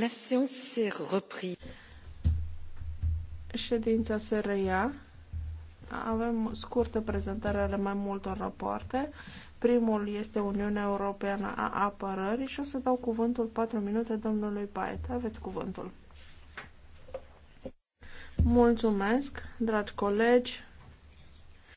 La séance est reprise. Ședința se reia. Avem scurtă prezentare ale mai multor rapoarte. Primul este Uniunea Europeană a Apărării și o să dau cuvântul 4 minute domnului Paet. Aveți cuvântul. Mulțumesc, dragi colegi,